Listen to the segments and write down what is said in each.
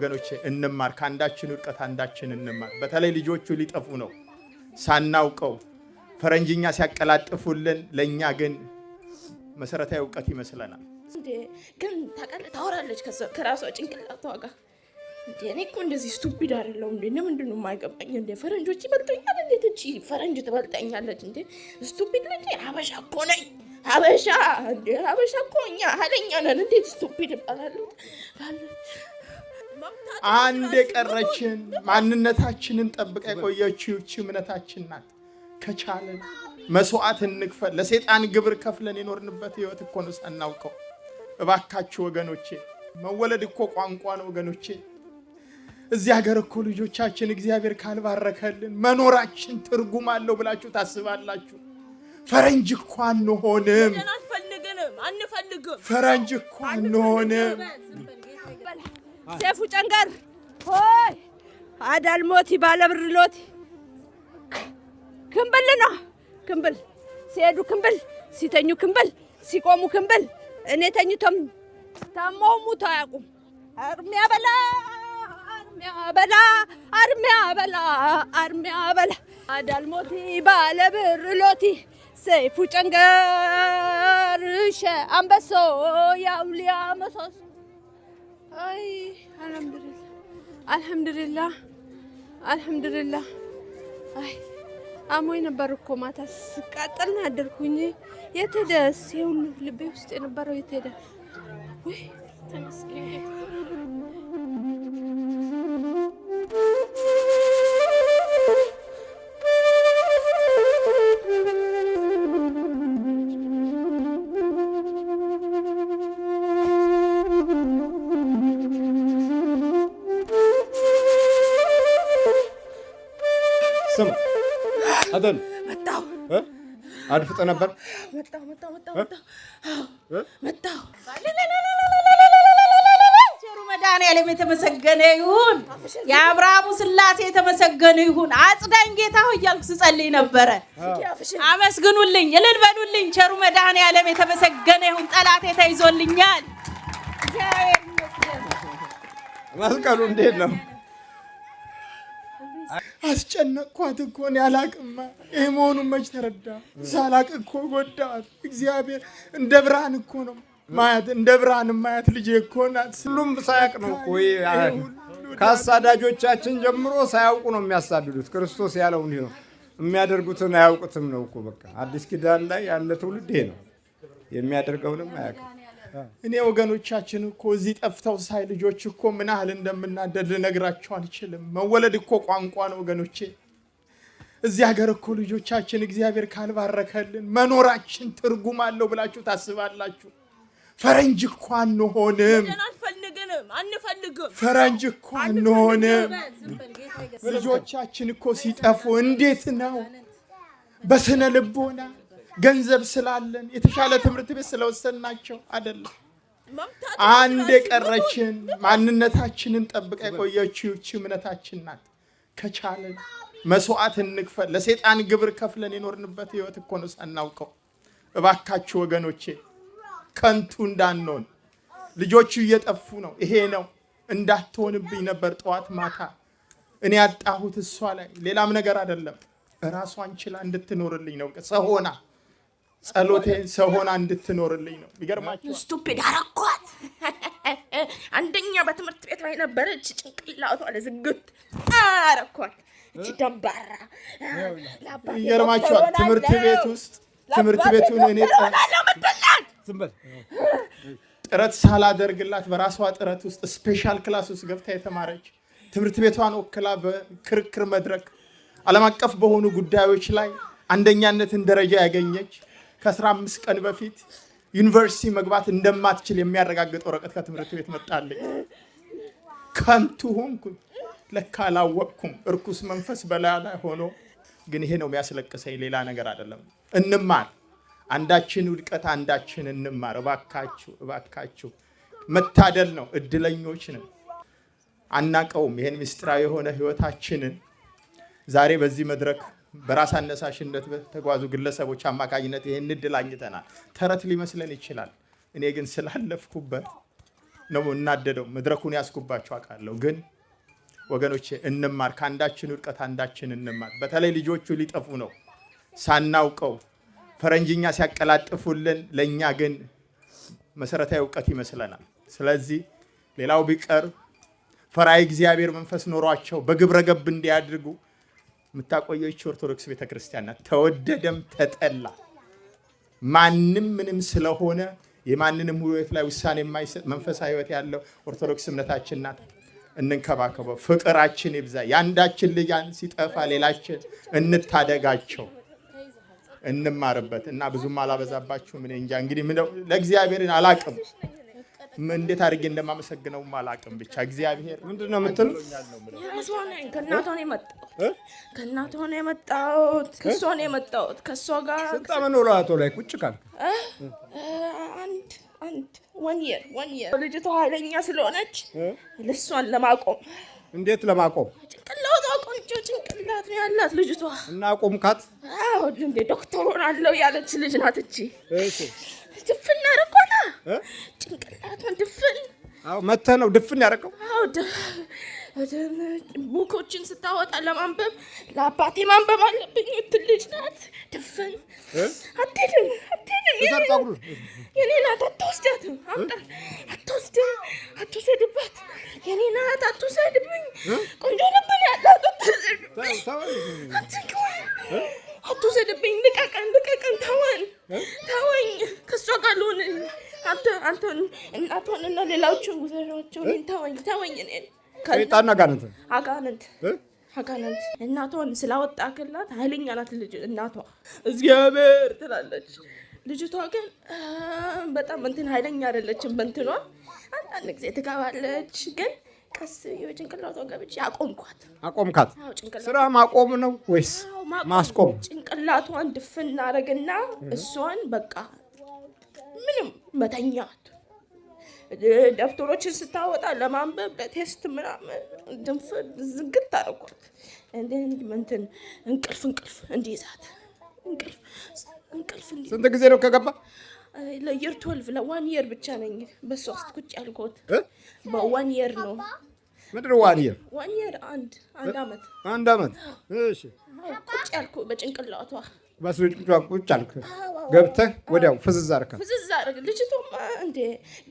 ወገኖች እንማር፣ ከአንዳችን ውድቀት አንዳችን እንማር። በተለይ ልጆቹ ሊጠፉ ነው ሳናውቀው ፈረንጅኛ ሲያቀላጥፉልን ለእኛ ግን መሰረታዊ እውቀት ይመስለናል። ግን ታውቃለህ፣ ታወራለች ከራሷ ጭንቅላቷ ጋር። እኔ እኮ እንደዚህ ስቱፒድ አይደለሁም እንዴ? ምንድን ነው የማይገባኝ እንዴ? ፈረንጆች ይበልጠኛል። እንዴት እቺ ፈረንጅ ትበልጠኛለች እንዴ? ስቱፒድ ነኝ። ሀበሻ እኮ ነኝ። ሀበሻ እንዴ! ሀበሻ እኮ እኛ ሀለኛ ነን። እንዴት ስቱፒድ ይባላሉ? አንድ የቀረችን ማንነታችንን ጠብቃ የቆየችው ይቺ እምነታችን ናት። ከቻለን መስዋዕት እንክፈል። ለሰይጣን ግብር ከፍለን የኖርንበት ህይወት እኮ ነው ሳናውቀው። እባካችሁ ወገኖቼ፣ መወለድ እኮ ቋንቋ ነው ወገኖቼ። እዚህ ሀገር እኮ ልጆቻችን እግዚአብሔር ካልባረከልን መኖራችን ትርጉም አለው ብላችሁ ታስባላችሁ? ፈረንጅ እኮ አንሆንም። ፈረንጅ እኮ አንሆንም። ሴፉ ጨንገር ሆይ አዳልሞቲ ባለብር ሎቲ ክምብል ነው ክምብል ሲሄዱ ክምብል ሲተኙ ክምብል ሲቆሙ ክምብል እኔ ተኝቶም ታመው ሙቶ አያውቁም። አርሚያ በላ አርሚያ በላ አርሚያ በላ አርሚያ በላ አዳልሞቲ ባለብር ሎቲ ሰይፉ ጨንገር ሸ አንበሶ ያውሊያ መሶስ አይ አልሐምዱሊላህ አልሐምዱሊላህ አልሐምዱሊላህ። አይ አሞኝ ነበር እኮ ማታ ስቃጠል ነው ያደርኩኝ። የት ሄደ ሁሉ ልቤ ውስጥ የነበረው የት ሄደ? አድፍጠ ነበር። መድኃኒዓለም የተመሰገነ ይሁን፣ የአብርሃሙ ስላሴ የተመሰገነ ይሁን። አጽዳኝ ጌታ ሆይ እያልኩ ስጸልይ ነበረ። አመስግኑልኝ፣ እልል በሉልኝ። ቸሩ መድኃኒዓለም የተመሰገነ ይሁን። ጠላቴ ተይዞልኛል። መስቀሉ እንዴት ነው? አስጨነቅኳት እኮ እኔ አላቅማ። ይህ መሆኑን መች ተረዳ? ሳላቅ እኮ ጎዳዋት። እግዚአብሔር እንደ ብርሃን እኮ ነው ማያት፣ እንደ ብርሃን ማያት ልጅ እኮ ናት። ሁሉም ሳያቅ ነው እኮ ከአሳዳጆቻችን ጀምሮ ሳያውቁ ነው የሚያሳድዱት። ክርስቶስ ያለው እንዲህ ነው፣ የሚያደርጉትን አያውቁትም ነው እኮ በቃ። አዲስ ኪዳን ላይ ያለ ትውልድ ይሄ ነው፣ የሚያደርገውንም አያውቅም። እኔ ወገኖቻችን እኮ እዚህ ጠፍተው ሳይ ልጆች እኮ ምን ያህል እንደምናደድ ልነግራቸው አልችልም። መወለድ እኮ ቋንቋ ነው ወገኖቼ። እዚህ ሀገር እኮ ልጆቻችን እግዚአብሔር ካልባረከልን መኖራችን ትርጉም አለው ብላችሁ ታስባላችሁ? ፈረንጅ እኮ አንሆንም። ፈረንጅ እኮ አንሆንም። ልጆቻችን እኮ ሲጠፉ እንዴት ነው በስነ ልቦና ገንዘብ ስላለን የተሻለ ትምህርት ቤት ናቸው አይደለም። አንድ የቀረችን ማንነታችንን ጠብቃ የቆየችው ይቺ እምነታችን ናት። ከቻለን መስዋዕት እንክፈል። ለሴጣን ግብር ከፍለን የኖርንበት ህይወት እኮ ነው ሳናውቀው። እባካችሁ ወገኖቼ ከንቱ እንዳንሆን። ልጆቹ እየጠፉ ነው። ይሄ ነው እንዳትሆንብኝ ነበር ጠዋት ማታ እኔ ያጣሁት እሷ ላይ ሌላም ነገር አይደለም። እራሷን ችላ እንድትኖርልኝ ነው ሰሆና ጸሎቴ ሰው ሆና እንድትኖርልኝ ነው። ይገርማችኋል። ስቱፒድ አረኳት። አንደኛ በትምህርት ቤት ላይ ነበረች፣ ጭንቅላቷ ለዝግት አረኳት። እቺ ደንባራ። ይገርማቸዋል። ትምህርት ቤት ውስጥ ትምህርት ቤቱን እኔ ጥረት ሳላደርግላት በራሷ ጥረት ውስጥ ስፔሻል ክላስ ውስጥ ገብታ የተማረች ትምህርት ቤቷን ወክላ በክርክር መድረክ ዓለም አቀፍ በሆኑ ጉዳዮች ላይ አንደኛነትን ደረጃ ያገኘች ከአስራ አምስት ቀን በፊት ዩኒቨርሲቲ መግባት እንደማትችል የሚያረጋግጥ ወረቀት ከትምህርት ቤት መጣልኝ። ከንቱ ሆንኩ። ለካ አላወቅኩም። እርኩስ መንፈስ በላይ ላይ ሆኖ ግን ይሄ ነው የሚያስለቅሰኝ፣ ሌላ ነገር አይደለም። እንማር፣ አንዳችን ውድቀት አንዳችን እንማር። እባካችሁ እባካችሁ፣ መታደል ነው፣ እድለኞች ነን። አናቀውም ይሄን ምስጢራዊ የሆነ ህይወታችንን ዛሬ በዚህ መድረክ በራስ አነሳሽነት በተጓዙ ግለሰቦች አማካኝነት ይህን እድል አግኝተናል። ተረት ሊመስለን ይችላል። እኔ ግን ስላለፍኩበት ነው እናደደው። መድረኩን ያስኩባቸው አውቃለሁ። ግን ወገኖች እንማር፣ ከአንዳችን ውድቀት አንዳችን እንማር። በተለይ ልጆቹ ሊጠፉ ነው ሳናውቀው ፈረንጅኛ ሲያቀላጥፉልን ለእኛ ግን መሰረታዊ እውቀት ይመስለናል። ስለዚህ ሌላው ቢቀር ፈራይ እግዚአብሔር መንፈስ ኖሯቸው በግብረ ገብ እንዲያድርጉ የምታቆየች ኦርቶዶክስ ቤተክርስቲያን ናት። ተወደደም ተጠላ ማንም ምንም ስለሆነ የማንንም ውሎት ላይ ውሳኔ የማይሰጥ መንፈሳዊ ህይወት ያለው ኦርቶዶክስ እምነታችን ናት። እንንከባከበው፣ ፍቅራችን ይብዛ። የአንዳችን ልጅ ሲጠፋ ሌላችን እንታደጋቸው፣ እንማርበት እና ብዙም አላበዛባችሁ። ምን እንጃ እንግዲህ ለእግዚአብሔርን አላቅም። እንዴት አድርጌ እንደማመሰግነው አላውቅም። ብቻ እግዚአብሔር ምንድን ነው የምትለው? ከእናቷ ነው የመጣሁት፣ ከእናቷ ነው የመጣሁት፣ ከእሷ ነው የመጣሁት። ከእሷ ጋር ስንት ዓመት ነው እላቷ ላይ ቁጭ ካልክ? አንድ አንድ ወንየር ወንየር። ልጅቷ ኃይለኛ ስለሆነች ልሷን ለማቆም እንዴት ለማቆም ጭንቅላቷ ቆንጆ ጭንቅላት ነው ያላት ልጅቷ እና አቆምካት። ዶክተር ሆናለሁ ያለች ልጅ ናት እቺ እሺ ድፍን አደረኳት። ጭንቅላቷን ድፍን መተህ ነው ድፍን ያደረገው። ቡኮችን ስታወጣ ለማንበብ ለአባቴ ማንበብ አለብኝ የምትል ልጅ ናት። ድፍን አትሄድም፣ አትሄድም። የኔ ናት፣ አትወስዳትም። አትወስድም፣ አትውሰድባት። የኔ ናት፣ አትውሰድብኝ። ቆንጆ ልብ ነው ያላት አትውሰድብኝ። ልቀቀን፣ ልቀቀን፣ ተወን፣ ተወኝ። ከእሷ ጋር ልሆን አንተን እናቷን እና ሌላዎቹ ውሰሯቸው። ተወኝ፣ ተወኝ። ጣና አጋንንት አጋንንት አጋንንት እናቷን ስላወጣክላት ኃይለኛ ናት ልጅ እናቷ እግዚአብሔር ትላለች። ልጅቷ ግን በጣም እንትን ኃይለኛ አይደለችም። በእንትኗ አንዳንድ ጊዜ ትገባለች ግን ቀስ የጭንቅላቷ ገብቼ አቆምኳት። አቆምካት ስራ ማቆም ነው ወይስ ማስቆም ጭንቅላቷን ድፍን እናደርግና እሷን በቃ ምንም መተኛት ደብተሮችን ስታወጣ ለማንበብ ለቴስት ምናምን ድንፍ ዝግት አደረኳት። እንትን እንቅልፍ እንቅልፍ እንዲይዛት እንቅልፍ እንቅልፍ ስንት ጊዜ ነው ከገባ ለየር ትወልቭ ለዋን የር ብቻ ነኝ በሶስት ቁጭ ያልኩት በዋን የር ነው ምድር ዋንየር ዋንየር አንድ አንድ አመት አንድ አመት። እሺ ቁጭ ያልኩ በጭንቅላቷ በስጭንቅላቷ ቁጭ አልክ። ገብተህ ወዲያው ፍዝዝ አርከ ፍዝዝ አርክ። ልጅቷማ እንዴ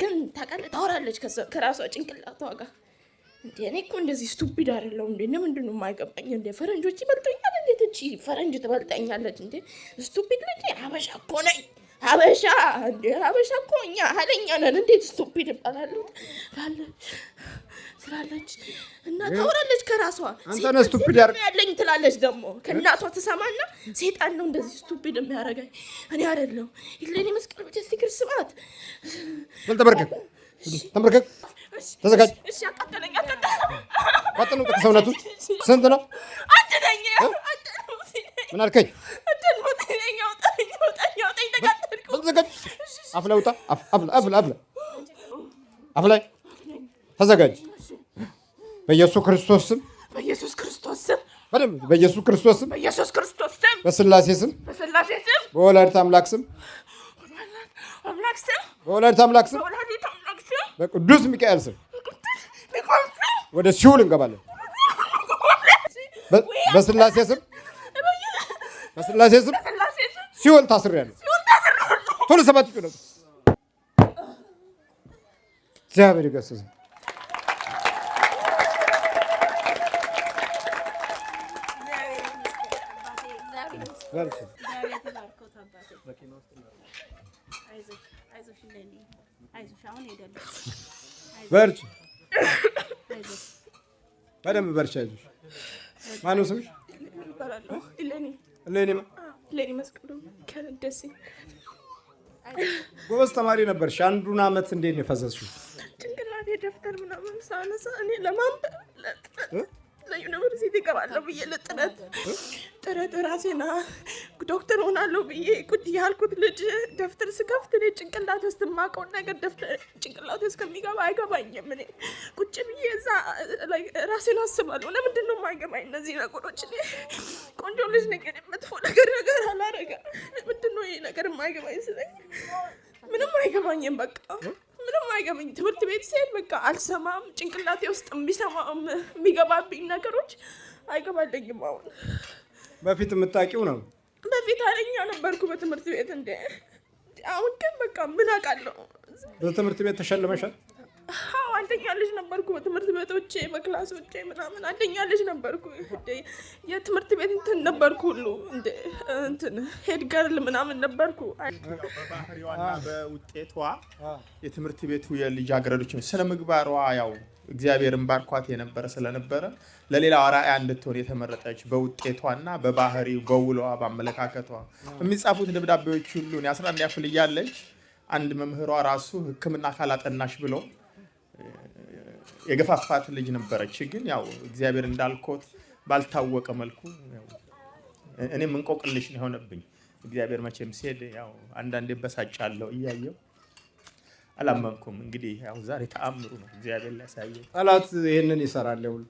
ግን ታውቃለህ፣ ታወራለች ከራሷ ጭንቅላቷ ጋር እንዴ እኔ እኮ እንደዚህ ስቱፒድ አይደለሁም እንዴ ለምንድን ነው የማይገባኝ እንዴ ፈረንጆች ይበልጡኛል እንዴ ትቺ ፈረንጅ ትበልጠኛለች እንዴ ስቱፒድ ልጅ አበሻ እኮ ነኝ ሀበሻ ሀበሻ እኮ እኛ ሀይለኛ ነን። እንዴት ስቶፒድ እባላለሁ ትላለች እና ታወራለች ከራሷ ያለኝ ትላለች። ደግሞ ከእናቷ ትሰማና ሴጣን ነው እንደዚህ ስቱፒድ የሚያደርገኝ እኔ አይደለሁ ይለኔ መስቀል ብቻ ሲክር ስማት ተመርከክ ተመርከክ ተዘጋጅ። እሺ አቃጠለኝ። አቃጠለ ሰውነቱ ስንት ነው? አንድ ነኝ። ምን አልከኝ? ነው ተዘጋጅ። አፍ ላይ ውጣ። አፍ ላይ አፍ ላይ ተዘጋጅ። በኢየሱስ ክርስቶስ ስም በኢየሱስ ክርስቶስ ስም በኢየሱስ ክርስቶስ ስም በኢየሱስ ክርስቶስ ስም በስላሴ ስም በስላሴ ስም በወላዲተ አምላክ ስም በወላዲተ አምላክ ስም በቅዱስ ሚካኤል ስም ወደ ሲውል እንገባለን። በስላሴ ስም በስላሴ ስም ሲውል ታስሬያለሁ። ቶሎ ሰባት ጩነቱ እግዚአብሔር ይገስጽ። በርቺ በደንብ በርቺ፣ አይዞሽ። ማነው ስምሽ? እሌኒ መስቀሉ ደሴ ጎበዝ ተማሪ ነበርሽ። አንዱን አመት እንዴት ነው የፈዘዝሽው? ጭንቅላቴ ደብተር ምናምን ሳነሳ እኔ ለማንበብ ላይ ዩኒቨርሲቲ እገባለሁ ብዬ ለጥረት ጥረት ራሴና ዶክተር ሆናለሁ ብዬ ቁድ ያልኩት ልጅ ደፍተር ስከፍት እኔ ጭንቅላት ውስጥ የማውቀውን ነገር ደፍተር ጭንቅላት ውስጥ ከሚገባ አይገባኝም። እኔ ቁጭ ብዬ እዛ ራሴን አስባለሁ። ለምንድን ነው የማይገባኝ እነዚህ ነገሮች? እኔ ቆንጆ ልጅ ነገር የመጥፎ ነገር ነገር አላረገ። ለምንድን ነው ይህ ነገር የማይገባኝ? ስለኝ ምንም አይገባኝም በቃ ምንም አይገባኝ። ትምህርት ቤት ስሄድ በቃ አልሰማም። ጭንቅላቴ ውስጥ የሚሰማም የሚገባብኝ ነገሮች አይገባለኝም። አሁን በፊት የምታውቂው ነው። በፊት አለኛ ነበርኩ በትምህርት ቤት እንደ አሁን ግን በቃ ምን አውቃለሁ። በትምህርት ቤት ተሸልመሻል? አዎ አንደኛ ልጅ ነበርኩ። በትምህርት ቤቶቼ በክላሶቼ ምናምን አንደኛ ልጅ ነበርኩ። የትምህርት ቤት እንትን ነበርኩ ሁሉ እንትን ሄድ ገርል ምናምን ነበርኩ። በባህሪዋና በውጤቷ የትምህርት ቤቱ የልጅ አገረዶች ስነ ምግባሯ ያው እግዚአብሔርን ባርኳት የነበረ ስለነበረ ለሌላ አርአያ እንድትሆን የተመረጠች በውጤቷና በባህሪ በውሏ በአመለካከቷ የሚጻፉት ደብዳቤዎች ሁሉ አስራ አንድ እያለች አንድ መምህሯ ራሱ ሕክምና ካላጠናሽ ብሎ የገፋፋት ልጅ ነበረች። ግን ያው እግዚአብሔር እንዳልኮት ባልታወቀ መልኩ እኔም እንቆቅልሽ ነው የሆነብኝ። እግዚአብሔር መቼም ሲሄድ ያው አንዳንዴ አለው እያየው አላመንኩም። እንግዲህ ያው ዛሬ ተአምሩ ነው እግዚአብሔር ሊያሳየ ጠላት ይህንን ይሰራል። ሁሉ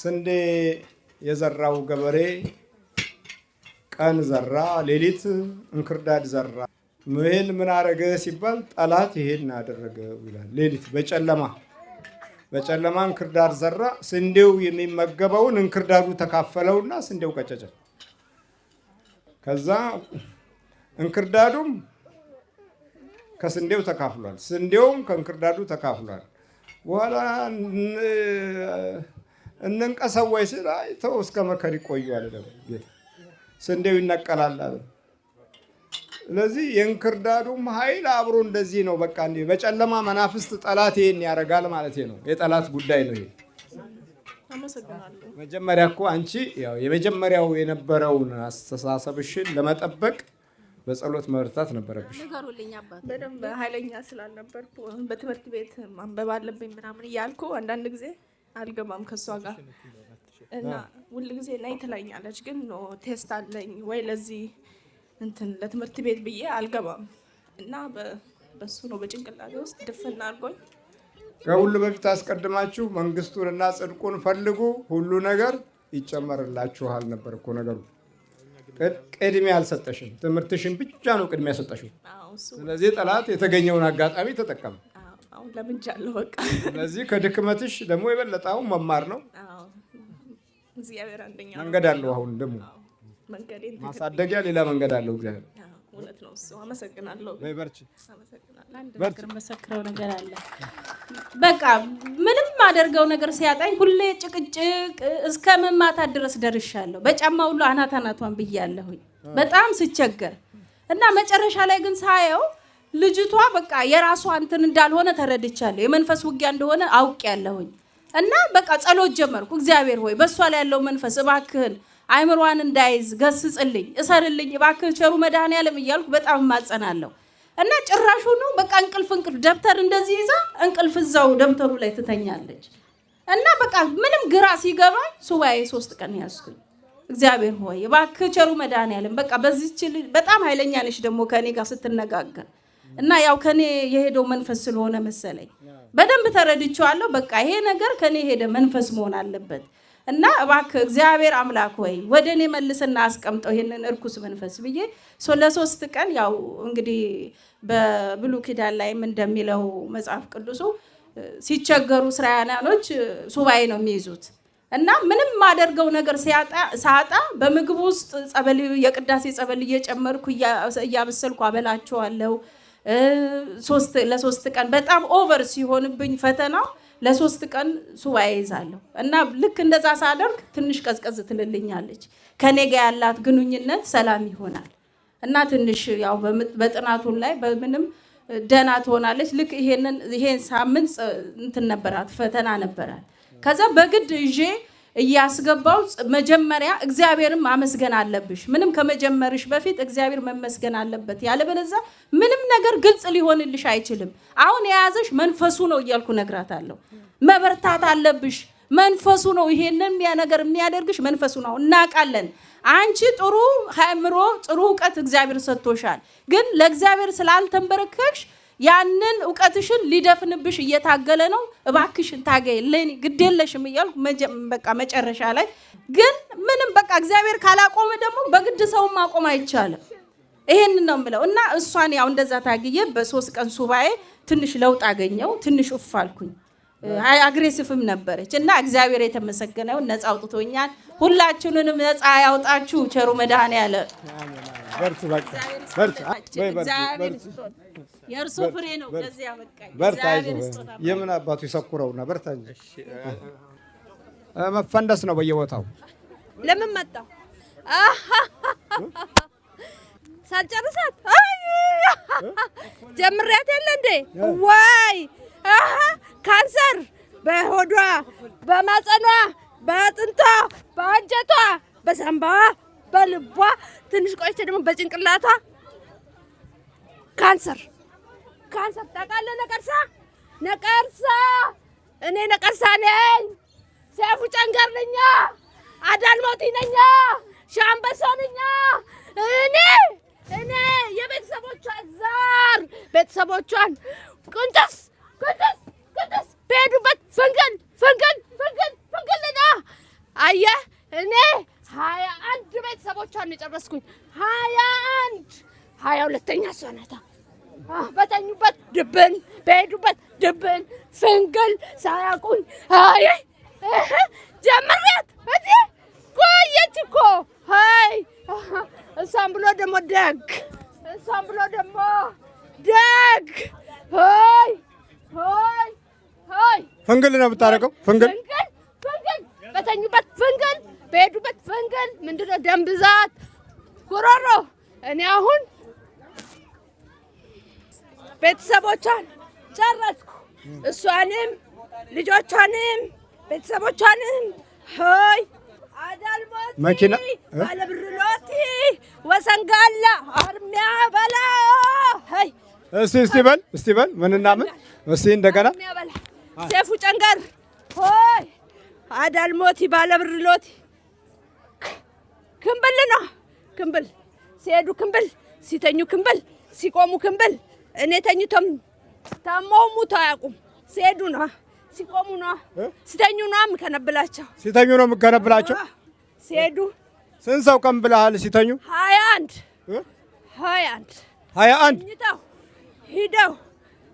ስንዴ የዘራው ገበሬ ቀን ዘራ፣ ሌሊት እንክርዳድ ዘራ። ምህል ምን አረገ ሲባል ጠላት ይሄን አደረገው ይላል። ሌሊት በጨለማ በጨለማ እንክርዳድ ዘራ። ስንዴው የሚመገበውን እንክርዳዱ ተካፈለውና ስንዴው ቀጨጨ። ከዛ እንክርዳዱም ከስንዴው ተካፍሏል፣ ስንዴውም ከእንክርዳዱ ተካፍሏል። በኋላ እንንቀሰዋይ ስል አይተው እስከ መከር ይቆዩ አለ። ስንዴው ይነቀላል አለ ስለዚህ የእንክርዳዱም ኃይል አብሮ እንደዚህ ነው። በቃ እንዲህ በጨለማ መናፍስት ጠላት ይሄን ያደርጋል ማለት ነው። የጠላት ጉዳይ ነው ይሄ። መጀመሪያ እኮ አንቺ ያው የመጀመሪያው የነበረውን አስተሳሰብሽን ለመጠበቅ በጸሎት መርታት ነበረብሽ። ንገሩልኝ አባት በደንብ ኃይለኛ ስላልነበርኩ በትምህርት ቤት ማንበብ አለብኝ ምናምን እያልኩ አንዳንድ ጊዜ አልገባም ከእሷ ጋር እና ሁል ጊዜ ትለኛለች፣ ግን ቴስት አለኝ ወይ ለዚህ እንትን ለትምህርት ቤት ብዬ አልገባም እና በሱ ነው በጭንቅላቴ ውስጥ ድፍና አድርጎኝ። ከሁሉ በፊት አስቀድማችሁ መንግስቱንና ጽድቁን ፈልጉ ሁሉ ነገር ይጨመርላችኋል ነበር እኮ ነገሩ። ቅድሚያ አልሰጠሽም፣ ትምህርትሽን ብቻ ነው ቅድሚያ ሰጠሽው። ስለዚህ ጠላት የተገኘውን አጋጣሚ ተጠቀመ። ለምጃለሁ በቃ። ስለዚህ ከድክመትሽ ደግሞ የበለጠ አሁን መማር ነው። መንገድ አለው አሁን ደግሞ ማሳደጊያ ሌላ መንገድ አለው እግዚአብሔር። እውነት ነው እሱ። አመሰግናለሁ። መሰክረው ነገር አለ። በቃ ምንም አደርገው ነገር ሲያጣኝ ሁሌ ጭቅጭቅ እስከ መማታት ድረስ ደርሻለሁ። በጫማ ሁሉ አናት አናቷን ብያለሁኝ በጣም ስቸገር እና መጨረሻ ላይ ግን ሳየው ልጅቷ በቃ የራሷ እንትን እንዳልሆነ ተረድቻለሁ። የመንፈስ ውጊያ እንደሆነ አውቅ ያለሁኝ እና በቃ ጸሎት ጀመርኩ። እግዚአብሔር ሆይ በእሷ ላይ ያለው መንፈስ እባክህን አይምሯን እንዳይዝ ገስጽልኝ፣ እሰርልኝ እባክህ ቸሩ መድኃኔዓለም እያልኩ በጣም እማጸናለሁ። እና ጭራሹ ነው በቃ እንቅልፍ እንቅልፍ ደብተር እንደዚህ ይዛ እንቅልፍ እዛው ደብተሩ ላይ ትተኛለች። እና በቃ ምንም ግራ ሲገባ ሱባኤ ሶስት ቀን ያዝኩኝ። እግዚአብሔር ሆይ እባክህ ቸሩ መድኃኔዓለም በቃ በዚች በጣም ኃይለኛ ነች ደግሞ ከኔ ጋር ስትነጋገር እና ያው ከኔ የሄደው መንፈስ ስለሆነ መሰለኝ በደንብ ተረድቼዋለሁ። በቃ ይሄ ነገር ከኔ የሄደ መንፈስ መሆን አለበት። እና እባክህ እግዚአብሔር አምላክ ወይ ወደ እኔ መልስና አስቀምጠው ይህንን እርኩስ መንፈስ ብዬ ለሶስት ቀን ያው እንግዲህ በብሉ ኪዳን ላይም እንደሚለው መጽሐፍ ቅዱሱ ሲቸገሩ እስራኤላኖች ሱባኤ ነው የሚይዙት እና ምንም ማደርገው ነገር ሳጣ በምግብ ውስጥ ጸበል የቅዳሴ ጸበል እየጨመርኩ እያበሰልኩ አበላቸዋለሁ። ለሶስት ቀን በጣም ኦቨር ሲሆንብኝ ፈተናው ለሶስት ቀን ሱባኤ ይዛለሁ እና ልክ እንደዛ ሳደርግ ትንሽ ቀዝቀዝ ትልልኛለች። ከኔ ጋ ያላት ግንኙነት ሰላም ይሆናል እና ትንሽ ያው በጥናቱን ላይ በምንም ደህና ትሆናለች። ልክ ይሄንን ይሄን ሳምንት እንትን ነበራት፣ ፈተና ነበራት። ከዛ በግድ ይዤ እያስገባው መጀመሪያ እግዚአብሔርን ማመስገን አለብሽ። ምንም ከመጀመርሽ በፊት እግዚአብሔር መመስገን አለበት። ያለበለዚያ ምንም ነገር ግልጽ ሊሆንልሽ አይችልም። አሁን የያዘሽ መንፈሱ ነው እያልኩ እነግራታለሁ። መበርታት አለብሽ። መንፈሱ ነው ይሄንን ነገር የሚያደርግሽ መንፈሱ ነው። እናውቃለን። አንቺ ጥሩ አእምሮ፣ ጥሩ እውቀት እግዚአብሔር ሰጥቶሻል። ግን ለእግዚአብሔር ስላልተንበረከክሽ ያንን እውቀትሽን ሊደፍንብሽ እየታገለ ነው። እባክሽን ታገይ፣ ለኔ ግድ እያልኩ በቃ መጨረሻ ላይ ግን ምንም በቃ እግዚአብሔር ካላቆመ ደግሞ በግድ ሰውን ማቆም አይቻልም። ይሄን ነው የምለው እና እሷን ያው እንደዛ ታግዬ በሶስት ቀን ሱባኤ ትንሽ ለውጥ አገኘው። ትንሽ እፍ አልኩኝ። አግሬሲቭም ነበረች እና እግዚአብሔር የተመሰገነውን ነፃ አውጥቶኛል። ሁላችሁንም ነፃ ያውጣችሁ ቸሩ መድኃኔዓለም። የእርሱ ፍሬ ነው ለዚህ ያበቃኝ። የምን አባቱ ይሰኩረው ይሰኩረውና በርታ እንጂ መፈንደስ ነው በየቦታው። ለምን መጣ ሳልጨርሳት ጀምሬያት የለ እንዴ ወይ ካንሰር በሆዷ በማጸኗ በአጥንቷ በአንጀቷ በሳምባዋ በልቧ ትንሽ ቆይቼ ደግሞ በጭንቅላቷ ካንሰር ካንሰር ታውቃለህ? ነቀርሳ ነቀርሳ እኔ ነቀርሳ ነኝ። ሰይፉ ጨንገር ነኝ። አዳልሞቲ ነኝ። ሻምበሶ ነኝ። እኔ እኔ የቤተሰቦቿ ዘር ቤተሰቦቿን ቁንጨስ ቅዱስ ቅዱስ በሄዱበት ፈንገል ፈንገል ፈንገል ፈንገል ና እኔ ሀያ አንድ ቤተሰቦቿን የጨረስኩኝ ሀያ አንድ ሀያ ሁለተኛ እሷ በተኙበት ድብን በሄዱበት ድብን ፈንገል ሳያውቁኝ አይ ጀምሬያት እዚህ ቆየች እኮ አይ እሷም ብሎ ደግሞ ደግ እሷም ብሎ ደግሞ ደግ አይ ፍንግል ነው የምታደርገው። ፍንግል ፍንግል፣ በተኙበት ፍንግል፣ በሄዱበት ፍንግል። ምንድነው ደም ብዛት ጉሮሮ። እኔ አሁን ቤተሰቦቿን ጨረስኩ። እሷንም ልጆቿንም ቤተሰቦቿንም ሆይ አዳልሞቲ መኪና ባለብርሎቲ ወሰንጋላ አርሚያ በላ ሆይ እስቲ እስቲ በል እስቲ በል ምንና ምን እስቲ እንደገና ሴፉ ጨንገር ሆይ አዳል ሞቲ ባለ ሎቲ ክንብል ነው ክንብል ሲሄዱ ክንብል ሲተኙ ክንብል ሲቆሙ ክንብል እኔ ተኝቶም ታማው ሙቶ አያውቁም። ሲሄዱ ነው ሲቆሙ ነው ሲተኙ ነው የምከነብላቸው ሲተኙ ነው የምከነብላቸው ሲሄዱ ስንት ሰው ቀን ብለሃል? ሲተኙ ሀያ አንድ ሀያ አንድ ሀያ አንድ ሂደው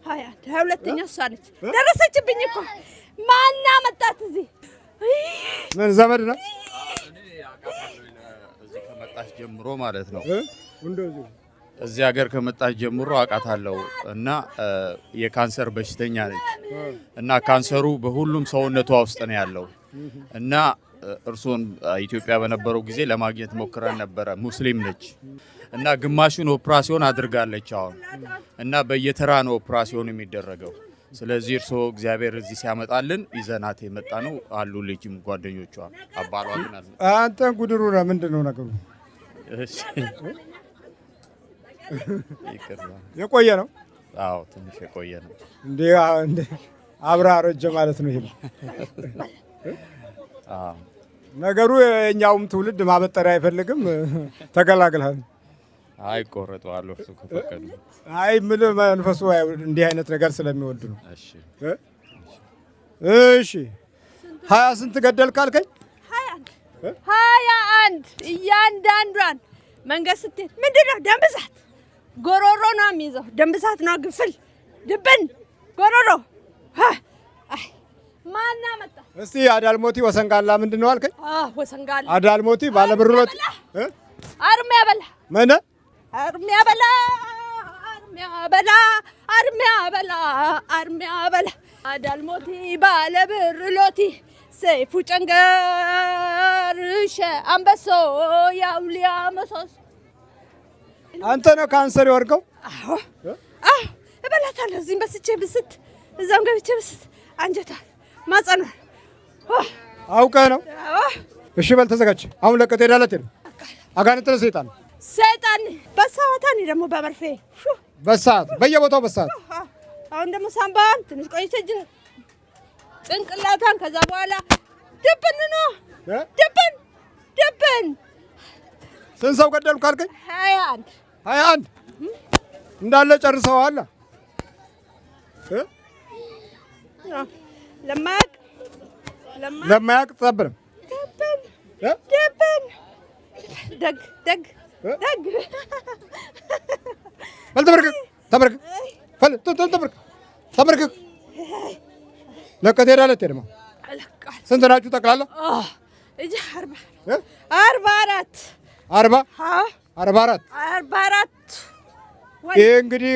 ሀያ ሁለተኛ እሷ ነች ደረሰችብኝ እኮ ማና መጣት እዚህ ምን ዘመድ ነው ከመጣች ጀምሮ ማለት ነው እዚህ ሀገር ከመጣች ጀምሮ አውቃታለሁ እና የካንሰር በሽተኛ ነች እና ካንሰሩ በሁሉም ሰውነቷ ውስጥ ነው ያለው እና እርሱን ኢትዮጵያ በነበረው ጊዜ ለማግኘት ሞክረን ነበረ ሙስሊም ነች እና ግማሹን ኦፕራሲዮን አድርጋለች አሁን እና በየተራ ነው ኦፕራሲዮን የሚደረገው። ስለዚህ እርስዎ እግዚአብሔር እዚህ ሲያመጣልን ይዘናት የመጣ ነው አሉ። ልጅም ጓደኞቿ አባሏትን አለ አንተ ጉድሩ ነው ምንድን ነው ነገሩ? የቆየ ነው። አዎ ትንሽ የቆየ ነው። እንደ አብራ ረጀ ማለት ነው። ይሄ ነገሩ የእኛውም ትውልድ ማበጠሪያ አይፈልግም። ተገላግልሃል። አይ ቆረጠዋለሁ እሱ ከፈቀዱ። አይ ምን መንፈሱ እንዲህ አይነት ነገር ስለሚወድ ነው። እሺ እሺ። ሀያ ስንት ገደል ካልከኝ ሀያ አንድ እያንዳንዷን መንገድ ስትሄድ ምንድን ነው ደም ብዛት ጎሮሮ ነው የሚይዘው። ደም ብዛት ነው ግፍል ድብን ጎሮሮ ማና መጣ። እስቲ አዳልሞቲ ወሰንጋላ ምንድን ነው አልከኝ? አዳልሞቲ ባለብሮት አርማ ያበላ ምን አርሚያ በላ አርሚያ በላ አርሚያ በላ አርሚያ በላ አዳልሞቲ ባለብር ሎቲ ሰይፉ ጨንገርሸ አንበሶ የአውሊያ መሶስ አንተ ነው ካንሰር የወርቀው። አዎ እበላታለሁ። እዚህም በስቼ ብስት፣ እዛም ገብቼ ብስት። አንጀቷ ማጸኗል አውቀህ ነው። እሺ በል ተዘጋጅ። አሁን ለቀህ ትሄዳለህ። አጋንንት ሰይጣን ነው። ሰይጣን በሳታን እኔ ደግሞ በመርፌ በሰዓት በየቦታው በሳት አሁን ደግሞ ሳምባን ትንሽ ቆይቼ ጭንቅላቷን ከዛ በኋላ ድብን ነው ድብን ድብን። ስንት ሰው ገደሉ ካልከኝ ሀያ አንድ ሀያ አንድ እንዳለ ጨርሰዋል። ለማያቅ ለማያቅ ጠብን ደግ ደግ ተንበርክክ። ለቀህ ትሄዳለህ። ደግሞ ስንት ናችሁ ጠቅላላ? አርባ አራት አርባ አርባ አራት አርባ አራት ይህ እንግዲህ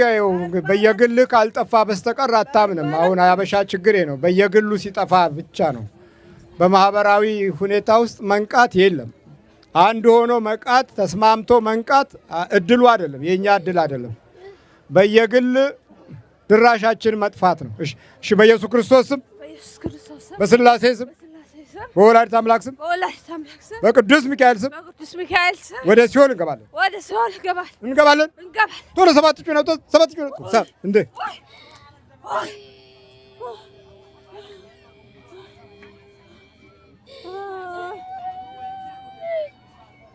በየግል ካልጠፋ በስተቀር አታምንም። አሁን ያበሻ ችግሬ ነው። በየግሉ ሲጠፋ ብቻ ነው። በማህበራዊ ሁኔታ ውስጥ መንቃት የለም። አንድ ሆኖ መቃት ተስማምቶ መንቃት እድሉ አይደለም፣ የእኛ እድል አይደለም። በየግል ድራሻችን መጥፋት ነው። እሺ፣ በኢየሱስ ክርስቶስ ስም፣ በስላሴ ስም፣ በወላዲተ አምላክ ስም፣ በቅዱስ ሚካኤል ስም ወደ ሲኦል እንገባለን፣ እንገባለን። እንገባለን። ቶሎ ሰባት ጩኸት፣ ሰባት ጩኸት እንደ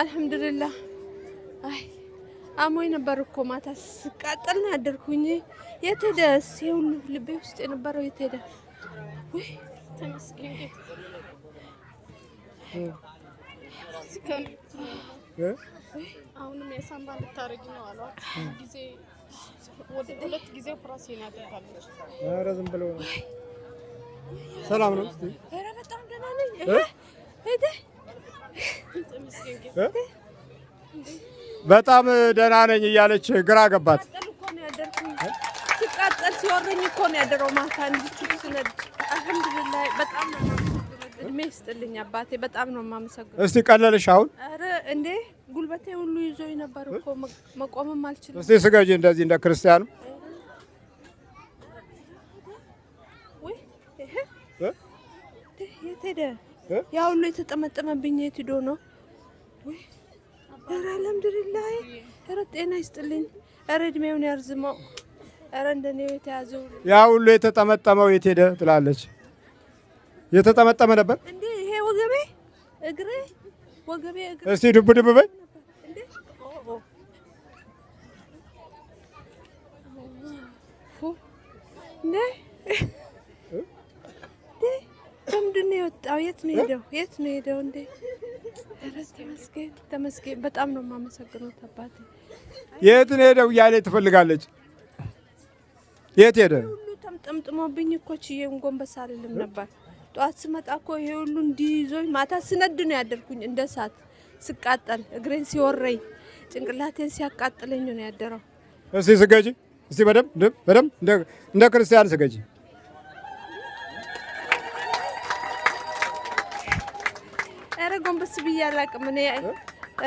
አልሐምዱሊላህ። አይ አሞኝ ነበር እኮ ማታ ስቃጠል ነው ያደርኩኝ። የት ሄደ ሁሉ ልቤ ውስጥ የነበረው የት ሄደ? አሁንም የሳምባ ልታረጊ ነው አሏት። ጊዜ ወደ ሁለት ጊዜ ኦፕራሲዮን ያደርጋለች። ኧረ ዝም ብለው ሰላም ነው። ኧረ በጣም ደህና ነኝ። በጣም ደህና ነኝ እያለች ግራ ገባት። ሲቃጠል ሲወረኝ እኮ ነው ያደረው። ማታ እንዲችሉ በጣም እድሜ ይስጥልኝ አባቴ፣ በጣም ነው የማመሰግነው። እስቲ ቀለልሽ አሁን። ኧረ እንዴ ጉልበቴ ሁሉ ይዞኝ ነበር እኮ መቆምም አልችልም። እስቲ ስገጂ እንደዚህ እንደ ክርስቲያኑ የት ሄደ? ያ ሁሉ የተጠመጠመብኝ የት ሂዶ ነው? ኧረ አልሀምድሊላሂ ኧረ ጤና ይስጥልኝ ኧረ እድሜውን ያርዝመው ኧረ እንደኔ የተያዘው ያ ሁሉ የተጠመጠመው የት ሄደ ትላለች። የተጠመጠመ ነበር እንዴ ይሄ ወገቤ እግሬ ወገቤ እግሬ እስቲ ድብ ድብ በይ እንዴ ከምንድን ነው የወጣው? የት ነው ሄደው? የት ነው ሄደው? እንዴ! ኧረ ተመስገን ተመስገን፣ በጣም ነው የማመሰግነው አባቴ። የት ነው ሄደው እያለ ትፈልጋለች። የት ሄደ? ሁሉ ተምጠምጥሞብኝ እኮ ችዬም ጎንበስ አልልም ነበር። ጠዋት ስመጣ እኮ ይሄ ሁሉ እንዲይዞኝ፣ ማታ ስነድ ነው ያደርኩኝ። እንደ እሳት ስቃጠል፣ እግሬን ሲወረኝ፣ ጭንቅላቴን ሲያቃጥለኝ ነው ያደረው። እስቲ ስገጂ፣ እስቲ በደምብ በደምብ እንደ ክርስቲያን ስገጂ። ጎንበስ ብዬ አላቅም። እኔ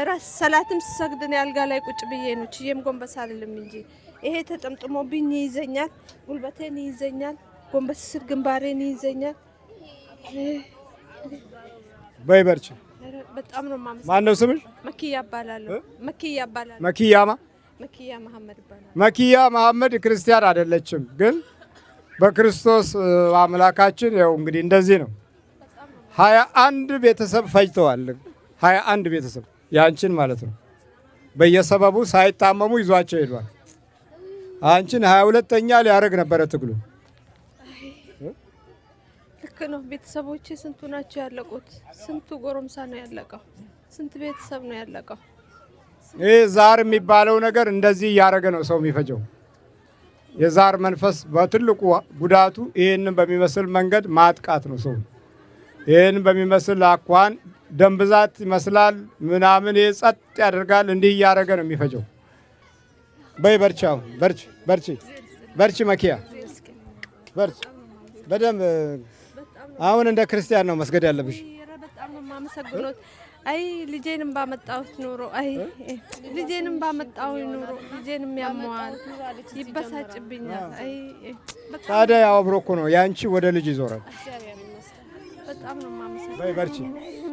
ራስ ሰላትም ስሰግድን አልጋ ላይ ቁጭ ብዬ ነው። ችዬም ጎንበስ አልልም እንጂ ይሄ ተጠምጥሞብኝ ይይዘኛል፣ ጉልበቴን ይይዘኛል፣ ጎንበስ ስር ግንባሬን ይይዘኛል። በይ በርቺ። በጣም ነው ማመስ። ማን ነው ስምሽ? መኪያ እባላለሁ። መኪያ እባላለሁ። መኪያማ መኪያ መሐመድ እባላለሁ። መኪያ መሐመድ ክርስቲያን አይደለችም፣ ግን በክርስቶስ አምላካችን ያው እንግዲህ እንደዚህ ነው። ሀያ አንድ ቤተሰብ ፈጅተዋል። ሀያ አንድ ቤተሰብ ያንቺን ማለት ነው። በየሰበቡ ሳይታመሙ ይዟቸው ሄዷል። አንቺን ሀያ ሁለተኛ ሊያደርግ ነበረ ትግሉ። ልክ ነው። ስንቱ ናቸው ያለቁት? ስንቱ ጎረምሳ ነው ያለቀው? ስንት ቤተሰብ ነው ያለቀው? ይህ ዛር የሚባለው ነገር እንደዚህ እያደረገ ነው ሰው የሚፈጀው። የዛር መንፈስ በትልቁ ጉዳቱ ይህንን በሚመስል መንገድ ማጥቃት ነው ሰው ይህን በሚመስል አኳን ደም ብዛት ይመስላል ምናምን ጸጥ ያደርጋል። እንዲህ እያደረገ ነው የሚፈጀው። በይ በርቻው በርቺ፣ በርቺ፣ መኪያ በርቺ። በደንብ አሁን እንደ ክርስቲያን ነው መስገድ ያለብሽ። አይ ልጄንም ባመጣሁት ኑሮ አይ ልጄንም ባመጣሁ ኑሮ ልጄንም ያመዋል፣ ይበሳጭብኛል። አይ ታዲያ ያው አብሮ እኮ ነው ያንቺ ወደ ልጅ ይዞራል። Vai mamma. Vai, Berti.